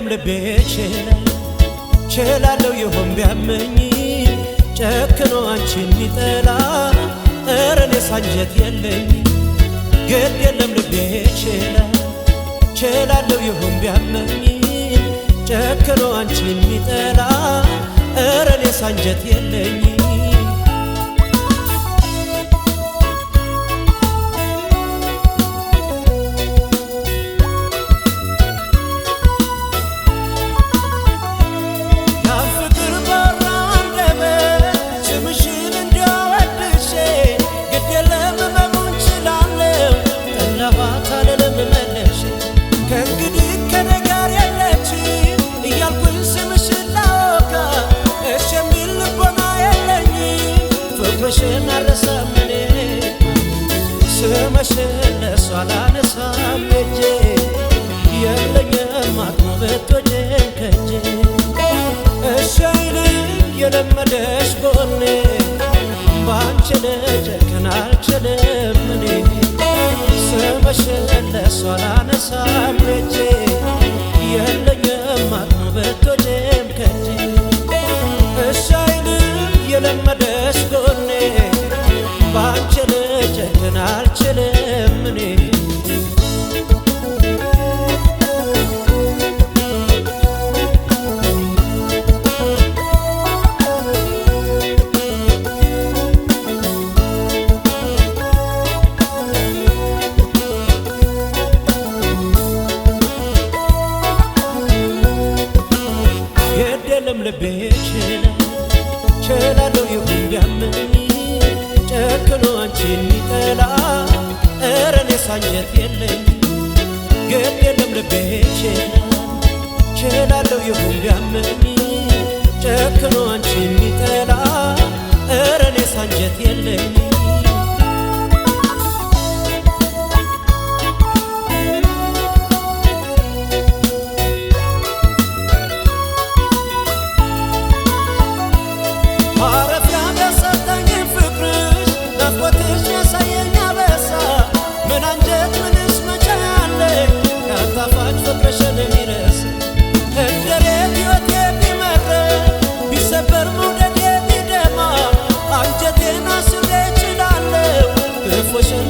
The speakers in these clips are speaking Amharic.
የለም ልቤ ይችላል ችላለው ይሆን ቢያመኝ ጨክኖ አንቺን ሚጠላ እረኔ ሳንጀት የለኝ ግድ የለም ልቤ ይችላል ችላለው ይሆን ቢያመኝ ጨክኖ አንቺን ሚጠላ እረኔ ሳንጀት የለኝ ጎኔ ባንችል ጨክን አልችልም እኔ ስምሽን ለሷ አላነሳም እጄ እችላለሁ ይሁን ቢያመኝ ጨክኖ አንቺን የሚጠላ እረ እኔ ሳንጀት የለኝ ግድ የለም ልቤ ይችላል እችላለሁ ይሁን ቢያመኝ ጨክኖ አንቺን እረ እኔ ሳንጀት የለኝ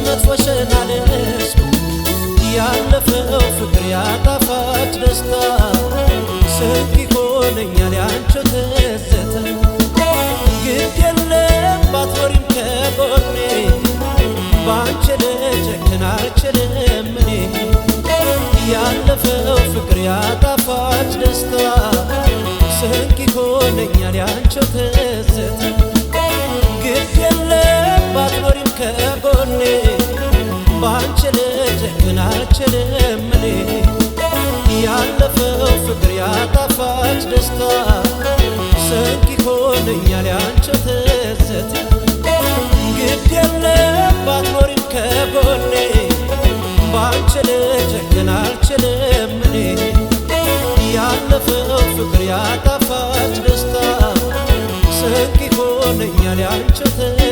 መጥፎሽን አልረስኩ ያለፈው ፍቅር ያጣፋች ደስታ ስንት ይሆነኛል ያንቺ ትዝታ ግድ የለም ባትኖሪም ከጎኔ ባንቺ ልጨክን አልችልም እኔ ያለፈው ፍቅር ደስታ ስንት ይሆነኛል ያንቺ ትዝታ እያለ አንቺ ተዘት ግድ የለም ባትኖሪም ከጎኔ ባንቺ ልጀግን አልችልም እኔ ያለፈው ፍቅር ደስታ ስንቅ ይሆነኛል ያንቺ